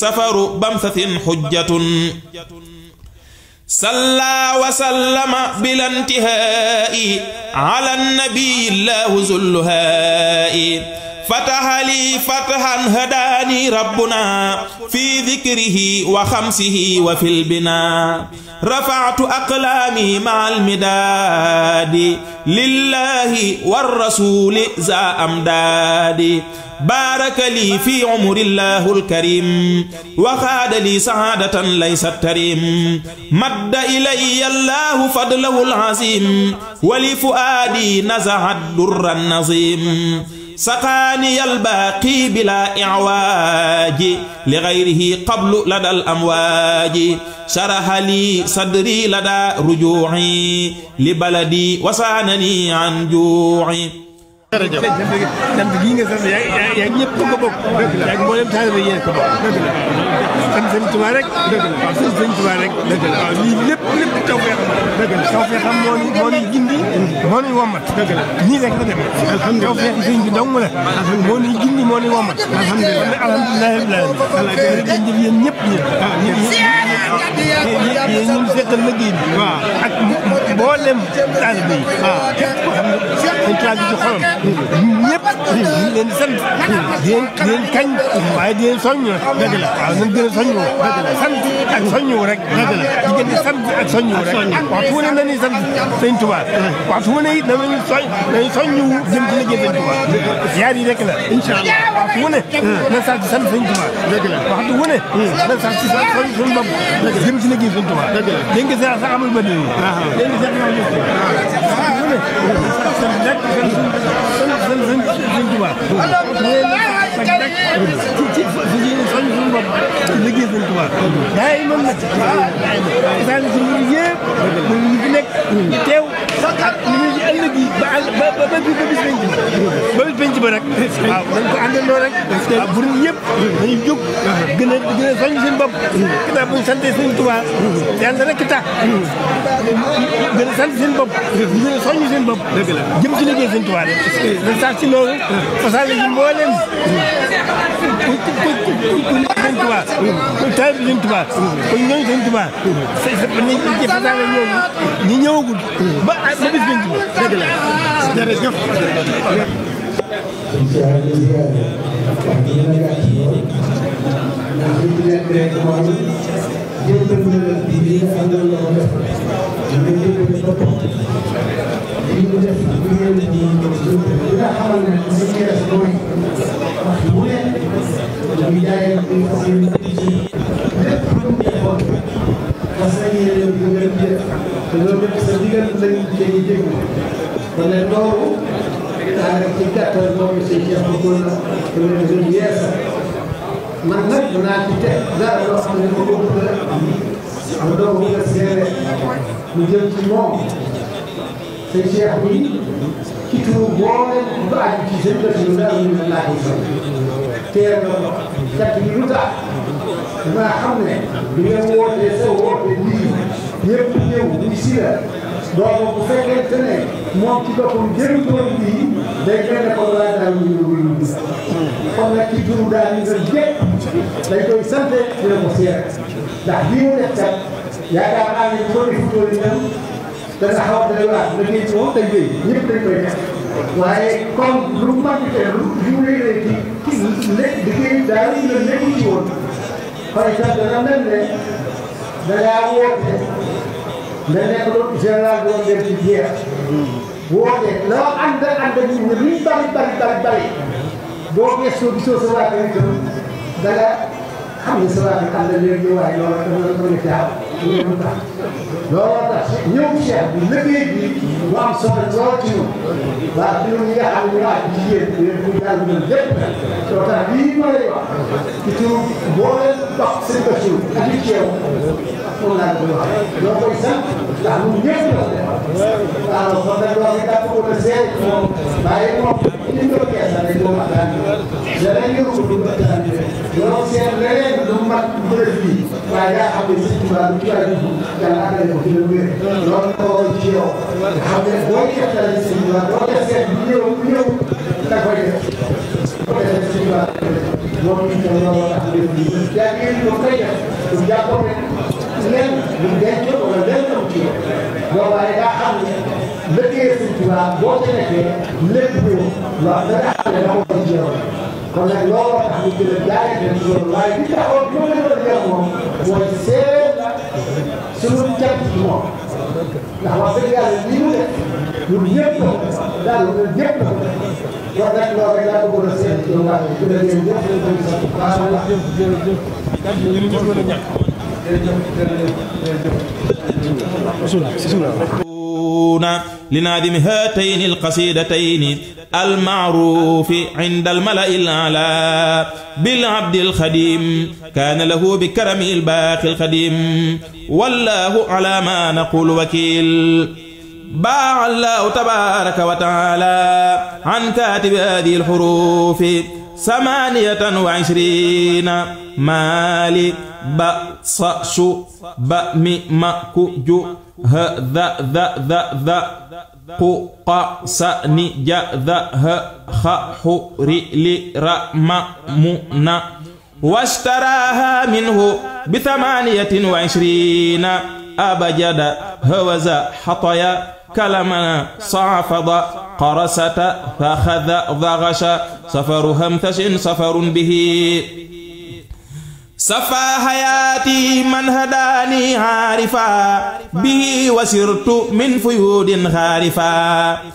سفر بمثث حجة صلى وسلم بلا انتهاء على النبي الله ذو فتح لي فتحا هداني ربنا في ذكره وخمسه وفي البناء رفعت أقلامي مع المداد لله والرسول ذا أمداد بارك لي في عمر الله الكريم وخاد لي سعادة ليست تريم مد إلي الله فضله العظيم ولفؤادي نزع الدر النظيم سقاني الباقي بلا إعواج لغيره قبل لدى الأمواج شرح لي صدري لدى رجوعي لبلدي وسانني عن جوعي jërëjëf sant gii nga sant yaa yaa ñëpp ko bokk. dëgg la yaa ngi mboolem taalibe yi yéen ko bokk. dëgg la sant sëñ Tuubaa rek. dëgg la waaw sant sëñ Tuubaa rek. dëgg la waaw lii lépp lépp tawfeex la. dëgg la tawfeex am moo ñu moo ñu gindi. moo ñu wommat. dëgg la nii rek la demee. alhamdulilah tawfeex sëñ bi dong la. moo ñu gindi moo ñu wommat. alhamdulilah alhamdulilah jërëjëf yéen ñëpp yéen. waaw ah, ñun yéen yéen ñun seqal liggéey bi. waaw ak mboolem taalibe yi. waaw ah. képp ko xam ne sëñ Tuubaa bi ci xolam ñun ñëpp ñu ngi leen di sant. di leen di kañ. waaye di leen soññ. la waaw a soññoo. dëgg sant ak soññoo rek. dëgg la di gën di sant ak soññoo rek. waaw fu mu ne nañuy sant sëñ Touba. waaw ci liggéey yi rek la. incha allah ne. nañ sant sant sëñ Touba. dëgg la sant si sa soñ suñu bopp. dëgg la jëm ci liggéey sëñ isaan si murid yëpp mooy ñu fi nekk ñu teew ñu ngi ci ëllëg yi ba ba ba ba bis penc ba bis penc ba rek waaw dañ ko ba rek waaw bu ñu yëpp dañu jóg gën a gën a soññ seen bopp ginnaaw hmm. bu ñu sante seen Tuubaa yàlla rek tax hmm. gën a sant seen bopp hmm. gën a soññ seen bopp dëgg la jëm rek sëñ Tuubaa tey bi sëñ Tuubaa kon ñooñu sëñ Tuubaa jëfandikoo ñooñu ñi ñëwagul ba ba bis nañ ko dëgg seeni déglu kon nag loolu daanaka ci gàttal moom la seen Cheikh bëggoon na mu ne gën yeesa man nag danaa ci teg dara loo xam ne mu dugg mu doog a mu jëm ci moom seen Cheikh bi ci turu boole lu aju ci seen dëkk lu daal ñu laaj teel na kat yi lu tax damaa xam ne bi ngeen wootee sa woote lii ñëpp ñëw ñu si la donc bu fekkente ne moom ci boppam jëriñ tool bii day génne ko laaj daal ñu ñu ñu gis. kon nag ci turu daal ñu gën jëkk dañ koy sant di la ko seet ndax lii mu def kat yaakaar naa ne bu ko defutoo a doy ci moom dañ koy ñëpp dañ koy def waaye comme lu mu màgg teel li mu lay léegi ci liggéey daal ci woon par exemple dana mel ne dangaa woote. nenek lu jalan gua dari dia gua dia lo anda anda di berita berita berita berita, tali susu susu suci suci lagi itu dah kami selalu anda di luar yang orang teman teman jauh looloo tax ñëw Cheikh bi liggéey bi lu am solo lool ci ñun waaw ci ñun ñi nga xam ne ñu naan jigéen ñi ñu jàng ñun lépp loo tax lii ma lay wax ci turu boo leen dox seen bëccëg ak ci yow moom laa la koy wax loo koy ndax ñun ñëpp la. waaw kon nag loolu dafa ko mën a seet moom waaye moom li ñu doon kees rek moom ak daan bi leneen yëngu ko dund ak daan bi loolu seen leneen du mat bëri fii waaye yaa xam ne si tubaab bi tubaab bi yàlla àggale ko ci la wéree. loolu ko ci yow. xam ne boo ñu def dara si tubaab boo def seet bu ñëw bu ñëw da koy def. projet bi suñu laaj loolu ñu ko ñoo war a am lépp lii yaa ngi leen ko koy def du jàppoon rek lenn lu denc wala lenn am ci yow waaye daa xam ne lëggee suñ tubaab boo ca nekkee lépp ñëw waaw da nga xam ne da nga koy jéem kon nag looloo tax ñu gën a jaay leen ci loolu waaye li taxoon ñu gën a def moom mooy seet suñu cant ci moom ndax wax dëgg yàlla li mu def ñun ñëpp daal ñun ñëpp لنادم هاتين القصيدتين المعروف عند الملأ الأعلى بالعبد الخديم كان له بكرم الباقي القديم والله على ما نقول وكيل باع الله تبارك وتعالى عن كاتب هذه الحروف ثمانية وعشرين مالي ب ص ش ب م م ك ج ه ذ ذ ذ ذ ق ق س ن ج ذ ه خ ح ر ل ر م م ن واشتراها منه بثمانية وعشرين أبجد هوز حطيا كلمنا صعفض قرسة فخذ ضغش سفر همتش سفر به سفى حياتي من هداني عارفا به وسرت من فيود خارفا